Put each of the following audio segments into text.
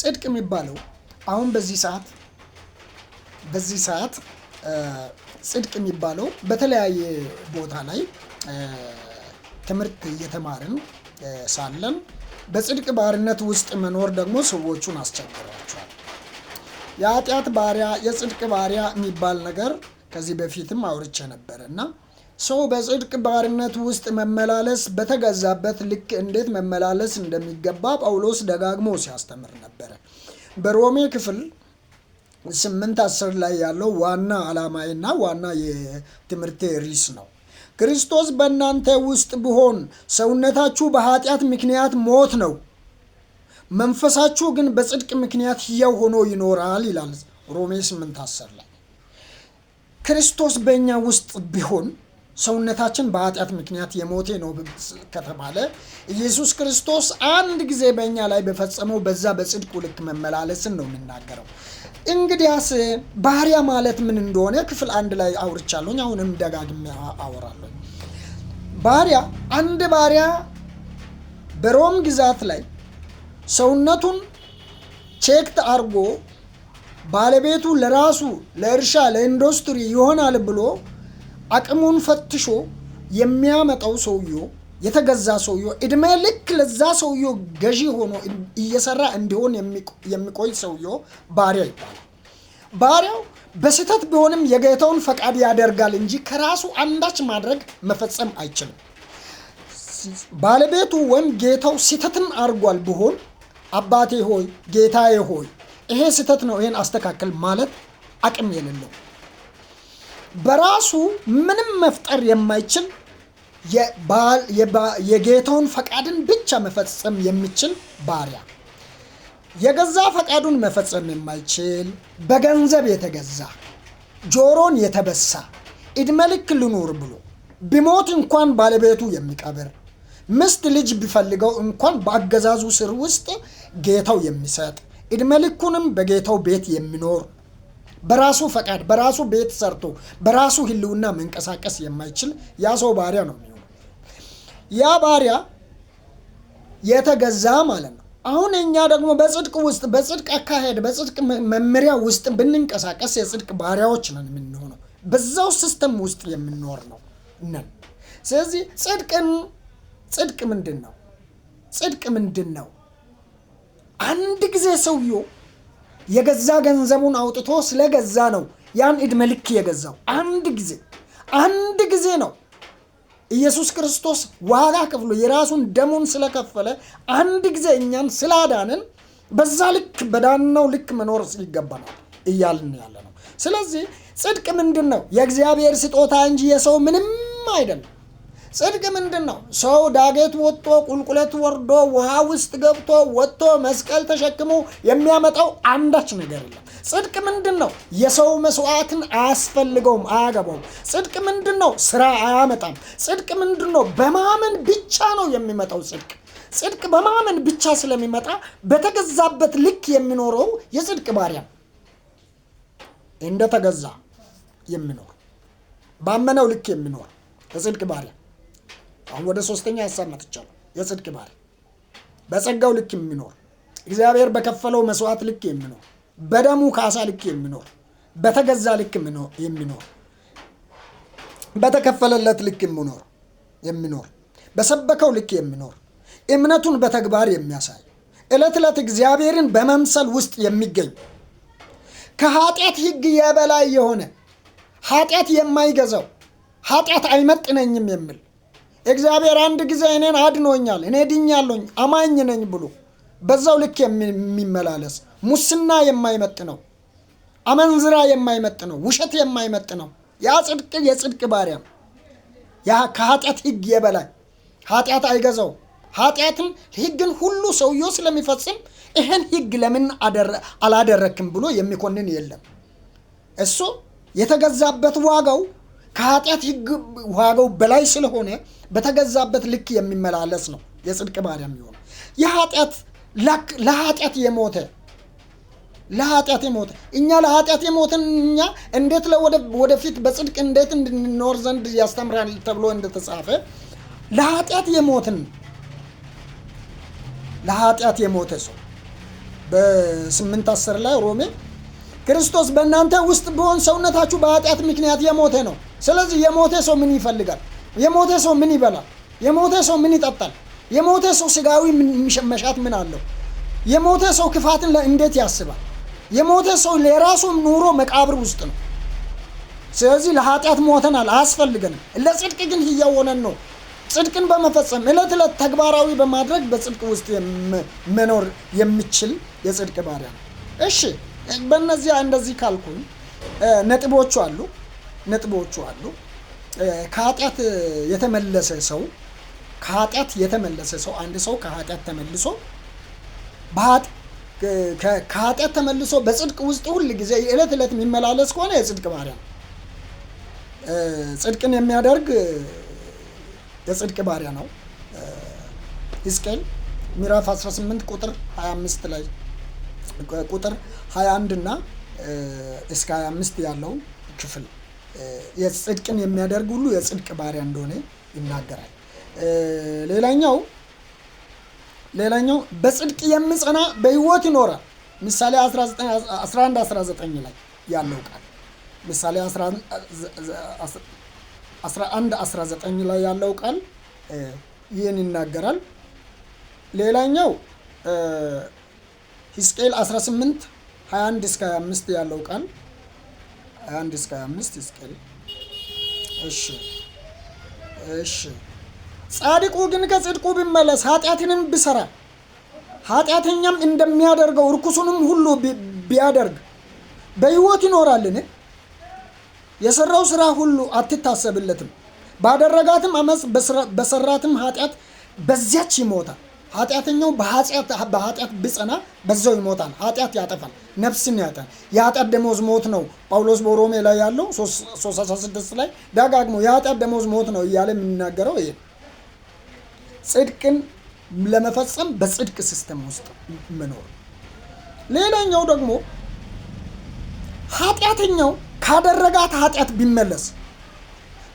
ጽድቅ የሚባለው አሁን በዚህ ሰዓት በዚህ ሰዓት ጽድቅ የሚባለው በተለያየ ቦታ ላይ ትምህርት እየተማርን ሳለን በጽድቅ ባርነት ውስጥ መኖር ደግሞ ሰዎቹን አስቸግሯቸዋል። የኃጢአት ባሪያ፣ የጽድቅ ባሪያ የሚባል ነገር ከዚህ በፊትም አውርቼ ነበር እና ሰው በጽድቅ ባርነት ውስጥ መመላለስ በተገዛበት ልክ እንዴት መመላለስ እንደሚገባ ጳውሎስ ደጋግሞ ሲያስተምር ነበረ። በሮሜ ክፍል ስምንት አስር ላይ ያለው ዋና ዓላማዬና ዋና የትምህርቴ ርዕስ ነው። ክርስቶስ በእናንተ ውስጥ ብሆን ሰውነታችሁ በኃጢአት ምክንያት ሞት ነው፣ መንፈሳችሁ ግን በጽድቅ ምክንያት ሕያው ሆኖ ይኖራል ይላል ሮሜ ስምንት አስር ላይ ክርስቶስ በእኛ ውስጥ ቢሆን ሰውነታችን በኃጢአት ምክንያት የሞቴ ነው ከተባለ ኢየሱስ ክርስቶስ አንድ ጊዜ በእኛ ላይ በፈጸመው በዛ በጽድቁ ልክ መመላለስን ነው የምናገረው። እንግዲያስ ባህሪያ ማለት ምን እንደሆነ ክፍል አንድ ላይ አውርቻለሁኝ። አሁንም ደጋግሜ አወራለሁ። ባህሪያ አንድ ባህሪያ በሮም ግዛት ላይ ሰውነቱን ቼክት አርጎ ባለቤቱ ለራሱ ለእርሻ ለኢንዱስትሪ ይሆናል ብሎ አቅሙን ፈትሾ የሚያመጣው ሰውዮ የተገዛ ሰውዮ እድሜ ልክ ለዛ ሰውዮ ገዢ ሆኖ እየሰራ እንዲሆን የሚቆይ ሰውዮ ባሪያ ይባላል። ባሪያው በስህተት ቢሆንም የጌታውን ፈቃድ ያደርጋል እንጂ ከራሱ አንዳች ማድረግ መፈጸም አይችልም። ባለቤቱ ወይም ጌታው ስህተትን አድርጓል ቢሆን አባቴ ሆይ፣ ጌታዬ ሆይ ይሄ ስህተት ነው፣ ይሄን አስተካክል ማለት አቅም የሌለው በራሱ ምንም መፍጠር የማይችል የጌታውን ፈቃድን ብቻ መፈጸም የሚችል ባሪያ፣ የገዛ ፈቃዱን መፈጸም የማይችል በገንዘብ የተገዛ ጆሮን የተበሳ ኢድመልክ ልክ ልኑር ብሎ ቢሞት እንኳን ባለቤቱ የሚቀብር ምስት ልጅ ቢፈልገው እንኳን በአገዛዙ ስር ውስጥ ጌታው የሚሰጥ ኢድመልኩንም ልኩንም በጌታው ቤት የሚኖር በራሱ ፈቃድ በራሱ ቤት ሰርቶ በራሱ ህልውና መንቀሳቀስ የማይችል ያ ሰው ባሪያ ነው የሚሆነው። ያ ባሪያ የተገዛ ማለት ነው። አሁን እኛ ደግሞ በጽድቅ ውስጥ በጽድቅ አካሄድ በጽድቅ መመሪያ ውስጥ ብንንቀሳቀስ የጽድቅ ባሪያዎች ነን የምንሆነው። በዛው ሲስተም ውስጥ የምንኖር ነው ነን። ስለዚህ ጽድቅን ጽድቅ ምንድን ነው? ጽድቅ ምንድን ነው? አንድ ጊዜ ሰውየው የገዛ ገንዘቡን አውጥቶ ስለገዛ ነው ያን ዕድሜ ልክ የገዛው። አንድ ጊዜ አንድ ጊዜ ነው ኢየሱስ ክርስቶስ ዋጋ ከፍሎ የራሱን ደሙን ስለከፈለ አንድ ጊዜ እኛን ስላዳንን በዛ ልክ በዳነው ልክ መኖር ይገባናል እያልን ያለ ነው። ስለዚህ ጽድቅ ምንድን ነው? የእግዚአብሔር ስጦታ እንጂ የሰው ምንም አይደለም። ጽድቅ ምንድን ነው? ሰው ዳገት ወጥቶ ቁልቁለት ወርዶ ውሃ ውስጥ ገብቶ ወጥቶ መስቀል ተሸክሞ የሚያመጣው አንዳች ነገር የለም። ጽድቅ ምንድን ነው? የሰው መስዋዕትን አያስፈልገውም፣ አያገባውም። ጽድቅ ምንድን ነው? ስራ አያመጣም። ጽድቅ ምንድን ነው? በማመን ብቻ ነው የሚመጣው ጽድቅ። ጽድቅ በማመን ብቻ ስለሚመጣ በተገዛበት ልክ የሚኖረው የጽድቅ ባሪያ እንደተገዛ የሚኖር ባመነው ልክ የሚኖር የጽድቅ ባሪያ አሁን ወደ ሶስተኛ ሀሳብ መጥቻለሁ። የጽድቅ ባሪያ በጸጋው ልክ የሚኖር እግዚአብሔር በከፈለው መስዋዕት ልክ የሚኖር በደሙ ካሳ ልክ የሚኖር በተገዛ ልክ የሚኖር በተከፈለለት ልክ የሚኖር የሚኖር በሰበከው ልክ የሚኖር እምነቱን በተግባር የሚያሳይ ዕለት ዕለት እግዚአብሔርን በመምሰል ውስጥ የሚገኝ ከኃጢአት ሕግ የበላይ የሆነ ኃጢአት የማይገዛው ኃጢአት አይመጥነኝም የሚል እግዚአብሔር አንድ ጊዜ እኔን አድኖኛል፣ እኔ ድኛለኝ፣ አማኝ ነኝ ብሎ በዛው ልክ የሚመላለስ ሙስና የማይመጥ ነው፣ አመንዝራ የማይመጥ ነው፣ ውሸት የማይመጥ ነው። ያ ጽድቅ የጽድቅ ባሪያም ያ ከኃጢአት ህግ የበላይ ኃጢአት አይገዛው። ኃጢአትን ህግን ሁሉ ሰውየው ስለሚፈጽም ይህን ህግ ለምን አላደረክም ብሎ የሚኮንን የለም። እሱ የተገዛበት ዋጋው ከኃጢአት ህግ ዋጋው በላይ ስለሆነ በተገዛበት ልክ የሚመላለስ ነው የጽድቅ ባሪያ የሚሆነው። የኃጢአት ለኃጢአት የሞተ ለኃጢአት የሞተ እኛ ለኃጢአት የሞትን እኛ እንዴት ወደፊት በጽድቅ እንዴት እንድንኖር ዘንድ ያስተምራል ተብሎ እንደተጻፈ ለኃጢአት የሞትን ለኃጢአት የሞተ ሰው በስምንት አስር ላይ ሮሜ ክርስቶስ በእናንተ ውስጥ ቢሆን ሰውነታችሁ በኃጢአት ምክንያት የሞተ ነው። ስለዚህ የሞተ ሰው ምን ይፈልጋል? የሞተ ሰው ምን ይበላል? የሞተ ሰው ምን ይጠጣል? የሞተ ሰው ስጋዊ መሻት ምን አለው? የሞተ ሰው ክፋትን እንዴት ያስባል? የሞተ ሰው ለራሱ ኑሮ መቃብር ውስጥ ነው። ስለዚህ ለኃጢአት ሞተናል፣ አያስፈልገንም። ለጽድቅ ግን እያወነን ነው። ጽድቅን በመፈጸም እለት ዕለት ተግባራዊ በማድረግ በጽድቅ ውስጥ መኖር የሚችል የጽድቅ ባሪያ ነው። እሺ፣ በእነዚያ እንደዚህ ካልኩኝ ነጥቦቹ አሉ ነጥቦቹ አሉ ከኃጢአት የተመለሰ ሰው ከኃጢአት የተመለሰ ሰው አንድ ሰው ከኃጢአት ተመልሶ ከኃጢአት ተመልሶ በጽድቅ ውስጥ ሁል ጊዜ የዕለት ዕለት የሚመላለስ ከሆነ የጽድቅ ባሪያ ነው። ጽድቅን የሚያደርግ የጽድቅ ባሪያ ነው። ሕዝቅኤል ምዕራፍ 18 ቁጥር 25 ላይ ቁጥር 21 እና እስከ 25 ያለው ክፍል የጽድቅን የሚያደርግ ሁሉ የጽድቅ ባሪያ እንደሆነ ይናገራል። ሌላኛው ሌላኛው በጽድቅ የሚጸና በህይወት ይኖራል። ምሳሌ 11 19 ላይ ያለው ቃል ምሳሌ 11 19 ላይ ያለው ቃል ይህን ይናገራል። ሌላኛው ሕዝቅኤል 18 21 እስከ 25 ያለው ቃል 21 እስከ 25 ይስቀል። እሺ እሺ። ጻድቁ ግን ከጽድቁ ቢመለስ ኃጢአትንም ብሰራ ኃጢአተኛም እንደሚያደርገው እርኩሱንም ሁሉ ቢያደርግ በሕይወት ይኖራልን? የሰራው ስራ ሁሉ አትታሰብለትም። ባደረጋትም አመፅ በሰራትም ኃጢአት በዚያች ይሞታል። ኃጢአተኛው በኃጢአት ብጽና በዛው ይሞታል። ኃጢአት ያጠፋል፣ ነፍስን ያጠፋል። የኃጢአት ደሞዝ ሞት ነው። ጳውሎስ በሮሜ ላይ ያለው 316 ላይ ደጋግሞ የኃጢአት ደሞዝ ሞት ነው እያለ የሚናገረው ይሄ ጽድቅን ለመፈጸም በጽድቅ ሲስተም ውስጥ መኖር። ሌላኛው ደግሞ ኃጢአተኛው ካደረጋት ኃጢአት ቢመለስ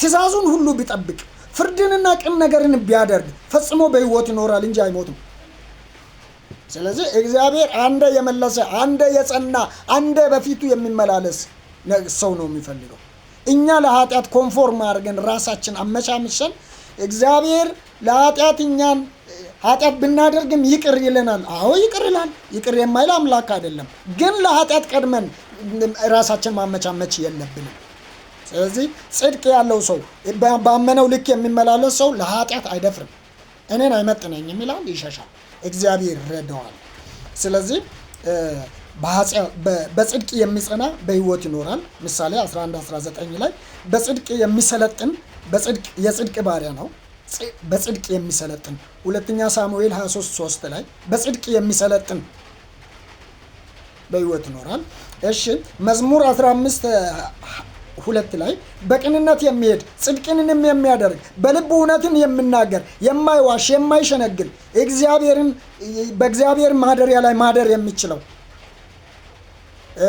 ትእዛዙን ሁሉ ቢጠብቅ ፍርድንና ቅን ነገርን ቢያደርግ ፈጽሞ በህይወት ይኖራል እንጂ አይሞትም። ስለዚህ እግዚአብሔር አንደ የመለሰ አንደ የጸና አንደ በፊቱ የሚመላለስ ሰው ነው የሚፈልገው። እኛ ለኃጢአት ኮንፎርም አድርገን ራሳችን አመቻምሰን እግዚአብሔር ለኃጢአት እኛን ኃጢአት ብናደርግም ይቅር ይልናል። አዎ ይቅር ይላል። ይቅር የማይል አምላክ አይደለም። ግን ለኃጢአት ቀድመን ራሳችን ማመቻመች የለብንም። ስለዚህ ጽድቅ ያለው ሰው ባመነው ልክ የሚመላለስ ሰው ለኃጢአት አይደፍርም። እኔን አይመጥነኝ የሚላል ይሸሻል። እግዚአብሔር ይረዳዋል። ስለዚህ በጽድቅ የሚጸና በህይወት ይኖራል። ምሳሌ 1119 ላይ በጽድቅ የሚሰለጥን የጽድቅ ባሪያ ነው። በጽድቅ የሚሰለጥን ሁለተኛ ሳሙኤል 233 ላይ በጽድቅ የሚሰለጥን በህይወት ይኖራል። እሺ መዝሙር 15 ሁለት ላይ በቅንነት የሚሄድ ጽድቅንንም የሚያደርግ በልብ እውነትን የምናገር የማይዋሽ የማይሸነግል እግዚአብሔርን በእግዚአብሔር ማደሪያ ላይ ማደር የሚችለው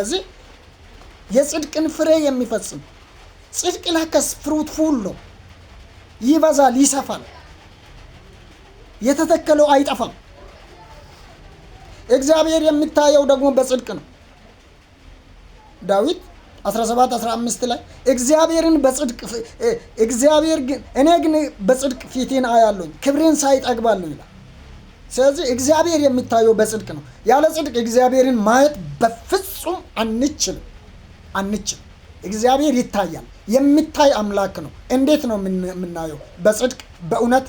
እዚህ የጽድቅን ፍሬ የሚፈጽም ጽድቅ ላከስ ፍሩት ፉሎ ይበዛል፣ ይሰፋል፣ የተተከለው አይጠፋም። እግዚአብሔር የሚታየው ደግሞ በጽድቅ ነው። ዳዊት 17 15 ላይ እግዚአብሔርን በጽድቅ እግዚአብሔር ግን እኔ ግን በጽድቅ ፊቴን አያለሁኝ ክብሬን ሳይ ጠግባለሁ ይላል። ስለዚህ እግዚአብሔር የሚታየው በጽድቅ ነው። ያለ ጽድቅ እግዚአብሔርን ማየት በፍጹም አንችልም አንችልም። እግዚአብሔር ይታያል። የሚታይ አምላክ ነው። እንዴት ነው የምናየው? በጽድቅ በእውነት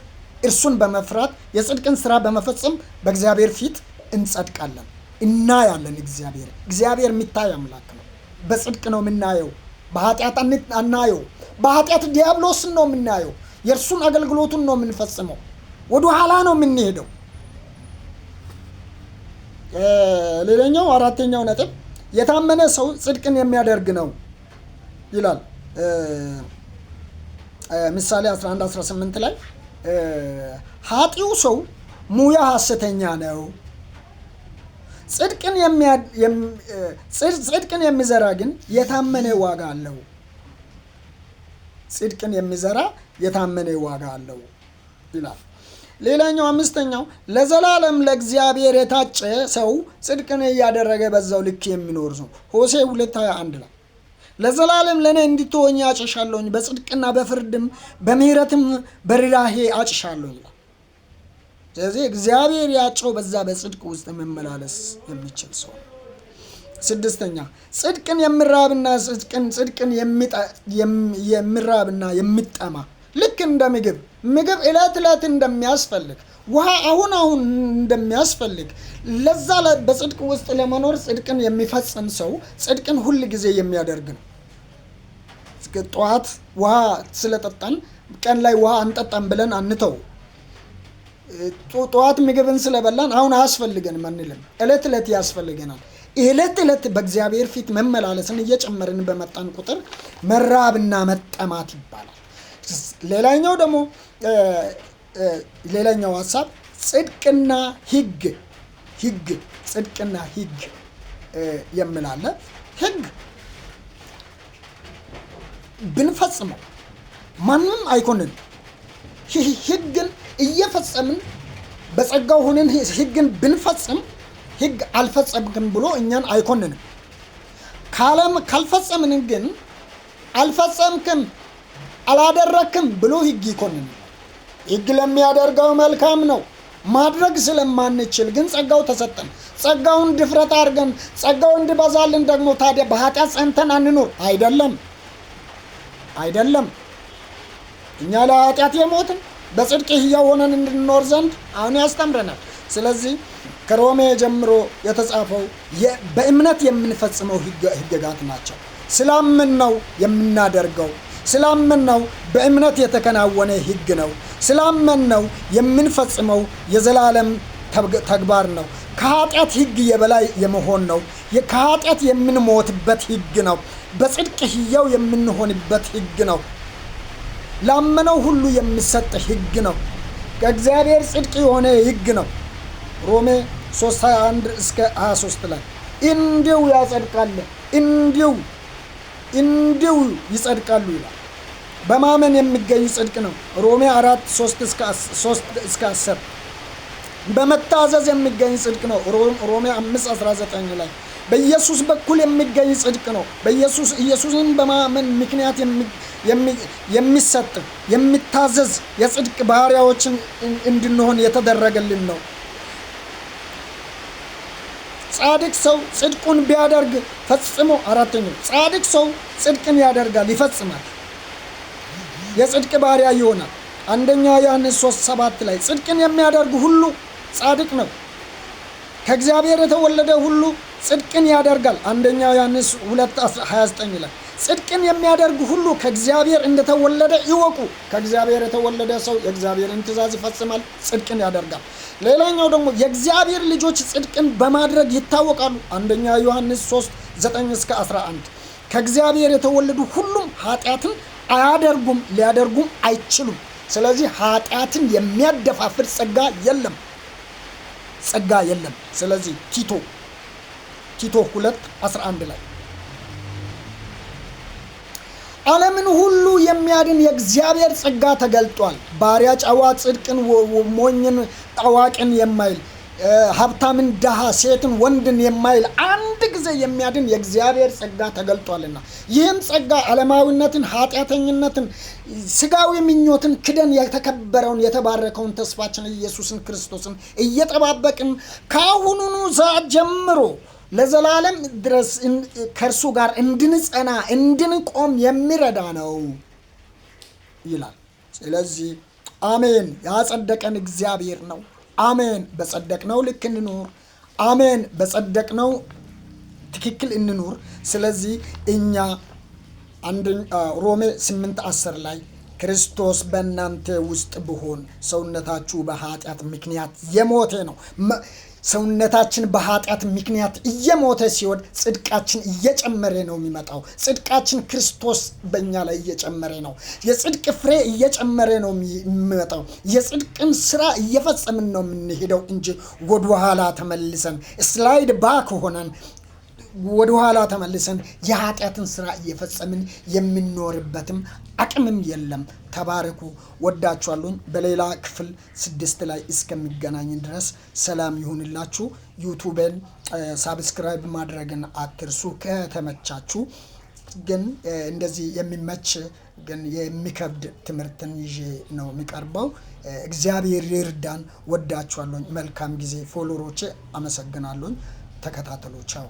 እርሱን በመፍራት የጽድቅን ስራ በመፈጸም በእግዚአብሔር ፊት እንጸድቃለን፣ እናያለን። እግዚአብሔር እግዚአብሔር የሚታይ አምላክ ነው። በጽድቅ ነው የምናየው፣ በኃጢአት አናየው። በኃጢአት ዲያብሎስን ነው የምናየው። የእርሱን አገልግሎቱን ነው የምንፈጽመው። ወደ ኋላ ነው የምንሄደው። ሌላኛው አራተኛው ነጥብ የታመነ ሰው ጽድቅን የሚያደርግ ነው ይላል ምሳሌ 11 18 ላይ ኃጢው ሰው ሙያ ሐሰተኛ ነው ጽድቅን የሚዘራ ግን የታመነ ዋጋ አለው። ጽድቅን የሚዘራ የታመነ ዋጋ አለው ይላል። ሌላኛው አምስተኛው ለዘላለም ለእግዚአብሔር የታጨ ሰው ጽድቅን እያደረገ በዛው ልክ የሚኖር ነው። ሆሴ ሁለት ላይ ለዘላለም ለእኔ እንድትሆኝ አጭሻለሁኝ በጽድቅና በፍርድም በምሕረትም በርዳሄ አጭሻለሁ ይላል። ስለዚህ እግዚአብሔር ያጨው በዛ በጽድቅ ውስጥ መመላለስ የሚችል ሰው ስድስተኛ ጽድቅን የምራብና ጽድቅን ጽድቅን የምራብና የምጠማ ልክ እንደ ምግብ ምግብ እለት እለት እንደሚያስፈልግ ውሃ አሁን አሁን እንደሚያስፈልግ ለዛ በጽድቅ ውስጥ ለመኖር ጽድቅን የሚፈጽም ሰው ጽድቅን ሁል ጊዜ የሚያደርግ ነው። ጠዋት ውሃ ስለጠጣን ቀን ላይ ውሃ አንጠጣም ብለን አንተው። ጠዋት ምግብን ስለበላን አሁን አያስፈልገንም አንልም። እለት እለት ያስፈልገናል። እለት እለት በእግዚአብሔር ፊት መመላለስን እየጨመርን በመጣን ቁጥር መራብና መጠማት ይባላል። ሌላኛው ደግሞ ሌላኛው ሀሳብ ጽድቅና ህግ ህግ ጽድቅና ህግ የምላለ ህግ ብንፈጽመው ማንም አይኮንን። ህግን እየፈጸምን በጸጋው ሆነን ህግን ብንፈጽም ህግ አልፈጸምክም ብሎ እኛን አይኮንንም። ካልፈጸምን ግን አልፈጸምክም፣ አላደረክም ብሎ ህግ ይኮንን። ህግ ለሚያደርገው መልካም ነው። ማድረግ ስለማንችል ግን ጸጋው ተሰጠን። ጸጋውን ድፍረት አድርገን ጸጋው እንድበዛልን ደግሞ ታዲያ በኃጢአት ጸንተን አንኖር። አይደለም፣ አይደለም። እኛ ለኃጢአት የሞትን ህያው ሆነን እንድንኖር ዘንድ አሁን ያስተምረናል። ስለዚህ ከሮሜ ጀምሮ የተጻፈው በእምነት የምንፈጽመው ህገጋት ናቸው። ስላምን ነው የምናደርገው። ስላምን ነው በእምነት የተከናወነ ህግ ነው። ስላምን ነው የምንፈጽመው የዘላለም ተግባር ነው። ከኃጢአት ህግ የበላይ የመሆን ነው። ከኃጢአት የምንሞትበት ህግ ነው። በጽድቅ ህያው የምንሆንበት ህግ ነው። ላመነው ሁሉ የሚሰጥ ሕግ ነው። ከእግዚአብሔር ጽድቅ የሆነ ሕግ ነው። ሮሜ 3 21 እስከ 23 ላይ እንዲሁ ያጸድቃል፣ እንዲሁ እንዲሁ ይጸድቃሉ ይላል። በማመን የሚገኝ ጽድቅ ነው። ሮሜ 4 3 እስከ 10 በመታዘዝ የሚገኝ ጽድቅ ነው። ሮሜ 5 19 ላይ በኢየሱስ በኩል የሚገኝ ጽድቅ ነው። በኢየሱስ ኢየሱስን በማመን ምክንያት የሚሰጥ የሚታዘዝ የጽድቅ ባህሪያዎችን እንድንሆን የተደረገልን ነው። ጻድቅ ሰው ጽድቁን ቢያደርግ ፈጽሞ አራተኛ ጻድቅ ሰው ጽድቅን ያደርጋል ይፈጽማል፣ የጽድቅ ባህሪያ ይሆናል። አንደኛ ዮሐንስ ሶስት ሰባት ላይ ጽድቅን የሚያደርግ ሁሉ ጻድቅ ነው፣ ከእግዚአብሔር የተወለደ ሁሉ ጽድቅን ያደርጋል። አንደኛ ዮሐንስ 2 29 ላይ ጽድቅን የሚያደርግ ሁሉ ከእግዚአብሔር እንደተወለደ ይወቁ። ከእግዚአብሔር የተወለደ ሰው የእግዚአብሔርን ትእዛዝ ይፈጽማል፣ ጽድቅን ያደርጋል። ሌላኛው ደግሞ የእግዚአብሔር ልጆች ጽድቅን በማድረግ ይታወቃሉ። አንደኛ ዮሐንስ 3 9 እስከ 11 ከእግዚአብሔር የተወለዱ ሁሉም ኃጢአትን አያደርጉም፣ ሊያደርጉም አይችሉም። ስለዚህ ኃጢአትን የሚያደፋፍር ጸጋ የለም፣ ጸጋ የለም። ስለዚህ ቲቶ ቲቶ 2 11 ላይ ዓለምን ሁሉ የሚያድን የእግዚአብሔር ጸጋ ተገልጧል። ባሪያ ጨዋ ጽድቅን፣ ሞኝን አዋቂን የማይል ሀብታምን ድሃ ሴትን ወንድን የማይል አንድ ጊዜ የሚያድን የእግዚአብሔር ጸጋ ተገልጧልና ይህም ጸጋ ዓለማዊነትን፣ ኃጢአተኝነትን፣ ስጋዊ ምኞትን ክደን የተከበረውን የተባረከውን ተስፋችን ኢየሱስን ክርስቶስን እየጠባበቅን ከአሁኑኑ ዛ ጀምሮ ለዘላለም ድረስ ከእርሱ ጋር እንድንጸና እንድንቆም የሚረዳ ነው ይላል። ስለዚህ አሜን፣ ያጸደቀን እግዚአብሔር ነው። አሜን፣ በጸደቅነው ልክ እንኑር። አሜን፣ በጸደቅነው ትክክል እንኑር። ስለዚህ እኛ ሮሜ 8 10 ላይ ክርስቶስ በእናንተ ውስጥ ብሆን ሰውነታችሁ በኃጢአት ምክንያት የሞተ ነው ሰውነታችን በኃጢአት ምክንያት እየሞተ ሲሆን ጽድቃችን እየጨመረ ነው የሚመጣው። ጽድቃችን ክርስቶስ በእኛ ላይ እየጨመረ ነው። የጽድቅ ፍሬ እየጨመረ ነው የሚመጣው። የጽድቅን ስራ እየፈጸምን ነው የምንሄደው እንጂ ኋላ ተመልሰን ስላይድ ባክ ሆነን ወደ ኋላ ተመልሰን የኃጢአትን ስራ እየፈጸምን የምንኖርበትም አቅምም የለም። ተባረኩ። ወዳችኋለሁኝ። በሌላ ክፍል ስድስት ላይ እስከሚገናኝ ድረስ ሰላም ይሁንላችሁ። ዩቱቤን ሳብስክራይብ ማድረግን አትርሱ። ከተመቻችሁ ግን እንደዚህ የሚመች ግን የሚከብድ ትምህርትን ይዤ ነው የሚቀርበው። እግዚአብሔር ይርዳን። ወዳችኋለሁኝ። መልካም ጊዜ። ፎሎሮቼ አመሰግናለሁኝ። ተከታተሉ። ቻው